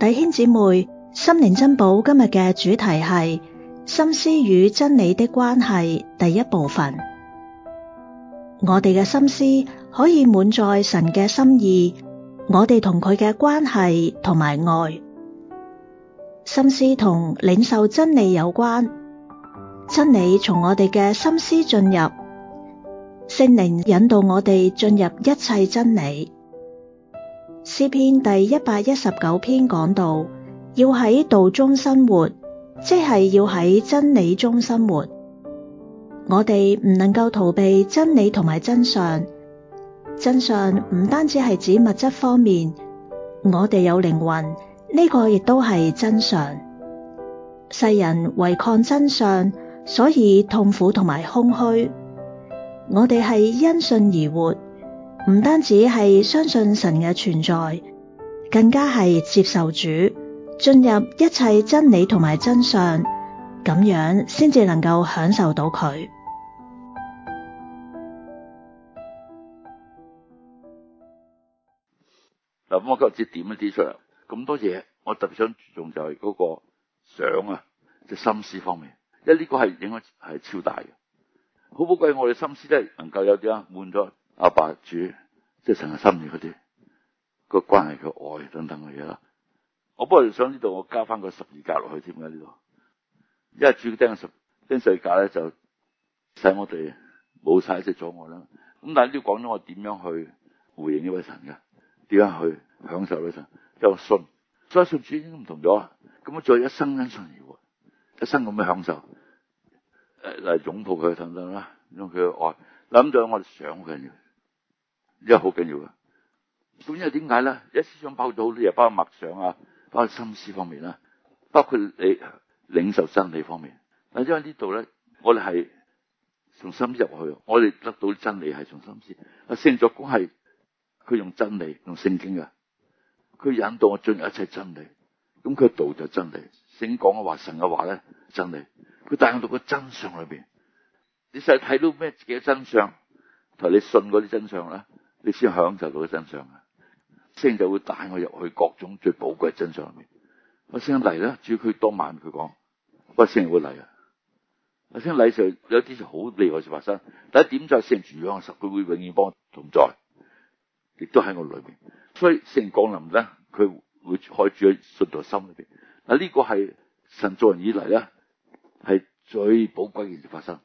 弟兄姊妹，心靈珍寶今日嘅主題係心思與真理的關係，第一部分。我哋嘅心思可以滿載神嘅心意，我哋同佢嘅關係同埋愛。心思同領受真理有關，真理從我哋嘅心思進入，聖靈引導我哋進入一切真理。詩篇第一百一十九篇講到，要喺道中生活，即係要喺真理中生活。我哋唔能夠逃避真理同埋真相。真相唔單止係指物質方面，我哋有靈魂，呢個亦都係真相。世人違抗真相，所以痛苦同埋空虛。我哋係因信而活。唔單止係相信神嘅存在，更加係接受主，進入一切真理同埋真相，咁樣先至能夠享受到佢。嗱，咁 我今日只點一啲出嚟，咁多嘢，我特別想注重就係嗰個想啊，即係心思方面，因為呢個係影響係超大嘅，好寶貴。我哋心思咧能夠有啲啊，滿咗。阿爸，爸主，即係神嘅心意嗰啲，個關係個愛等等嘅嘢啦。我不如想呢度，我加翻個十字架落去添噶呢度，因為主釘十釘字架咧就使我哋冇晒一啲阻礙啦。咁但係呢講咗我點樣去回應呢位神嘅，點樣去享受呢神？就信，所以信主已經唔同咗。咁我再一生因信而活，一生咁嘅享受，嚟擁抱佢等等啦，用佢嘅愛。諗咗我哋想嘅。為呢個好緊要嘅，咁又點解咧？一思想包咗好多嘢，包括默想啊，包括心思方面啦，包括你領受真理方面。嗱，因為呢度咧，我哋係從心入去，我哋得到啲真理係從心思。聖作工係佢用真理，用聖經嘅，佢引導我進入一切真理。咁佢道就真理，聖講嘅話，神嘅話咧真理。佢帶到個真相裏邊，你想睇到咩自己嘅真相？同你信嗰啲真相啦。.你先享受到真相嘅、啊，聖就會帶我入去各種最寶貴真相裏面。我聖嚟啦，主要佢當晚佢講，我聖會嚟啊。我聖嚟上有啲事好厲害事發生，第一點在聖住喺我實，佢會永遠幫我同在，亦都喺我裏邊。所以聖降臨咧，佢會開住喺信徒心裏邊。嗱、啊，呢、這個係神造人以嚟咧，係最寶貴嘅事發生。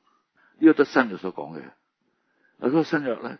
這個都啊、呢個都新約所講嘅。嗱，咁新約咧。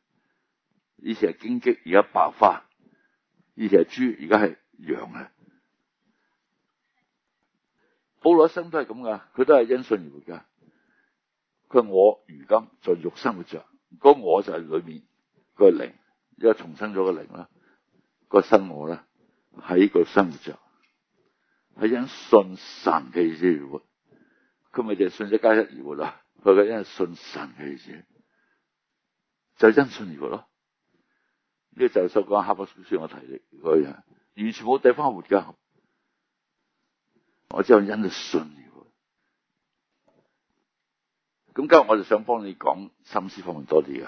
以前係荊棘，而家白花；以前係豬，而家係羊啊！保羅一生都係咁噶，佢都係因信而活噶。佢話，我如今在肉身活着，如、那、果、個、我就係裏面靈個靈，又重生咗個靈啦，個新我啦，喺個生活着，係因信神嘅兒子而活。佢咪就係信一加一而活啦？佢嘅因係信神嘅兒子，就因信而活咯。呢就係所講《哈巴書》，我提你佢啊，完全冇地方活㗎。我之後因佢信。咁今日我就想幫你講心思方面多啲嘅。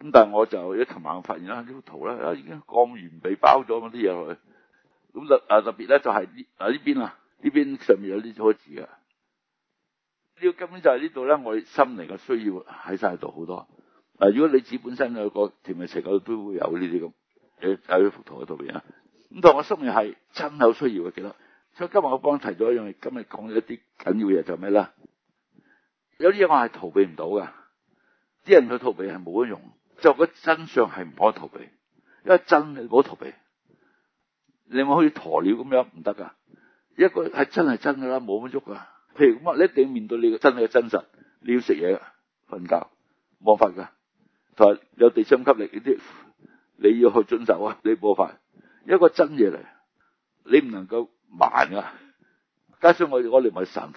咁但係我就一琴晚發現啦，呢幅圖咧啊已經降完，被包咗咁啲嘢去。咁特啊特別咧就係嗱呢邊啊，呢邊上面有啲開字嘅。呢根本就係呢度咧，我心靈嘅需要喺晒度好多。嗱，如果你子本身有個甜味食，愛，都會有呢啲咁，有喺幅圖喺度邊啦。咁同我生命係真有需要嘅，記得。所以今日我剛提咗一樣嘢，今日講咗一啲緊要嘢就係咩啦？有啲嘢我係逃避唔到噶，啲人去逃避係冇乜用。就如、是、果真相係唔可以逃避，因為真你冇逃避，你冇可以鴕鳥咁樣唔得噶。一個係真係真噶啦，冇乜喐噶。譬如咁啊，你一定要面對你嘅真嘅真實，你要食嘢、瞓覺、冇法噶。佢話有地心吸力呢啲，你要去遵守啊！你冇法一個真嘢嚟，你唔能夠慢噶。加上我我哋咪神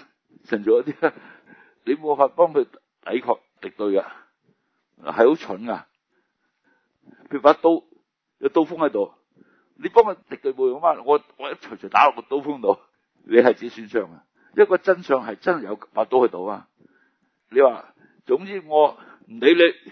神做一啲，你冇法幫佢抵抗敵對噶，係好蠢噶。佢把刀有刀鋒喺度，你幫佢敵對冇用啊嘛。我我一齊齊打落個刀鋒度，你係自己損傷啊！一個真相係真有把刀喺度啊！你話，總之我唔理你。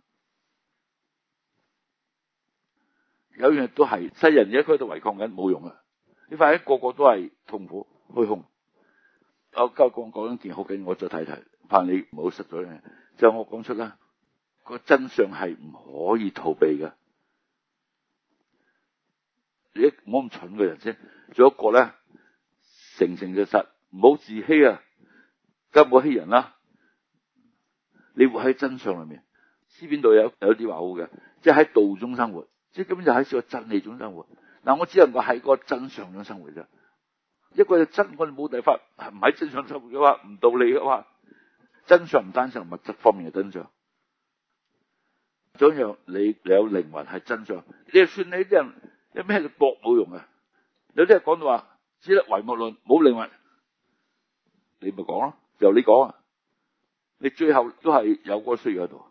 有一樣都係，世人而家喺度圍抗緊，冇用啊！你睇下，個個都係痛苦、虛空。我今日講講緊件好緊，我再睇睇，怕你唔好失咗咧。就是、我講出啦，個真相係唔可以逃避噶。你唔好咁蠢嘅人先。做一個咧，誠誠實實，唔好自欺啊！更冇欺人啦、啊。你活喺真相裏面，詩篇度有有啲話好嘅，即係喺道中生活。即係根本就喺住個真理中生活。嗱，我只能夠喺個真相中生活啫。一個係真，我哋冇辦法。唔喺真相生活嘅話，唔道理嘅話。真相唔單止係物質方面嘅真相，仲有你有靈魂係真相。你就算你啲人有咩搏冇用啊？有啲人講到話《只得唯物論》，冇靈魂，你咪講咯，由你講啊。你最後都係有嗰個需要喺度。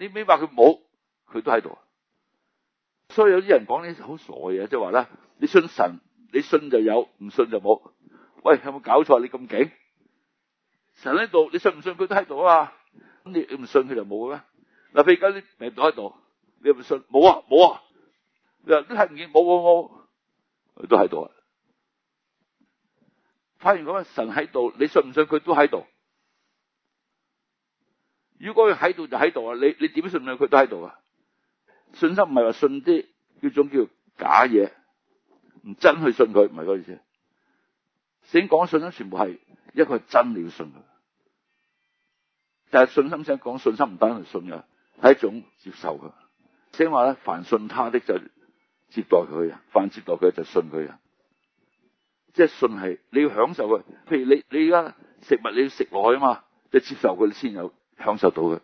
你咪話佢冇，佢都喺度。所以有啲人講啲好傻嘢，即係話咧，你信神，你信就有，唔信就冇。喂，有冇搞錯？你咁勁，神喺度，你信唔信佢都喺度啊？咁你唔信佢就冇嘅咩？嗱，譬如而家啲病毒喺度，你唔信，冇啊，冇啊。你話都睇唔見，冇冇冇，佢都喺度。發現咁啊，神喺度，你信唔信佢都喺度。如果佢喺度就喺度啊！你你點信佢佢都喺度啊？信心唔係話信啲叫種叫假嘢，唔真去信佢，唔係嗰意思。先講信心，全部係一個係真你要信佢，但係信心先講信心唔單係信啊，係一種接受噶。先話咧，凡信他的就接待佢啊，凡接待佢就信佢啊。即係信係你要享受佢，譬如你你而家食物你要食落去啊嘛，即係接受佢你先有。享受到嘅，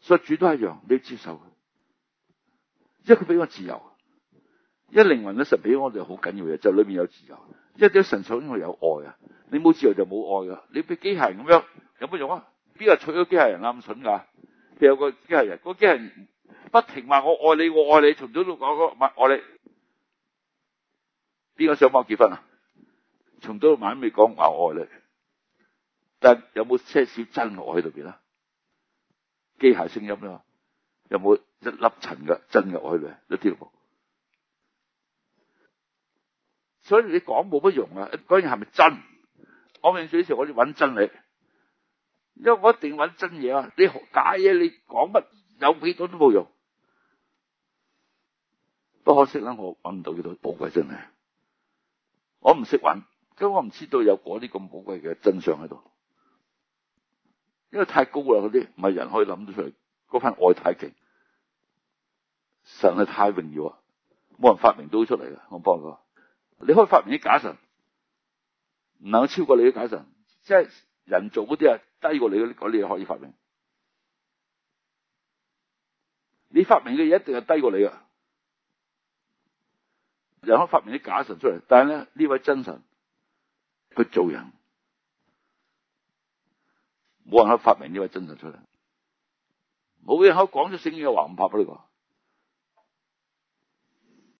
所以主都一樣，你要接受佢，因為佢俾我自由，一靈魂嘅神俾我哋好緊要嘅，就裏面有自由，一啲神所因為有愛啊，你冇自由就冇愛噶，你俾機械人咁樣有乜用啊？邊個娶咗機械人啊？咁蠢噶？有個機械人，個機械人不停話我愛你，我愛你，從早到晚講，我愛你，邊個想幫結婚啊？從早到晚都講話愛你，但有冇些少真愛喺度邊啊？機械聲音啦，有冇一粒塵嘅進入去咪一啲冇？所以你講冇乜用啊！嗰樣係咪真？我上次嗰時我哋揾真理，因為我一定揾真嘢啊！你假嘢你講乜有幾多都冇用。不可惜啦，我揾唔到幾多寶貴真理，我唔識揾，因為我唔知道有嗰啲咁寶貴嘅真相喺度。因為太高啦，嗰啲唔係人可以諗得出嚟。嗰份愛太勁，神係太榮耀啊！冇人發明到出嚟嘅。我話你可以發明啲假神，唔能夠超過你啲假神。即係人做嗰啲啊，低過你嗰啲，嗰啲嘢可以發明。你發明嘅嘢一定係低過你噶。人可以發明啲假神出嚟，但係咧呢位真神，佢做人。冇人可發明呢個真實出嚟，冇人可講出聖經嘅話唔拍俾你講。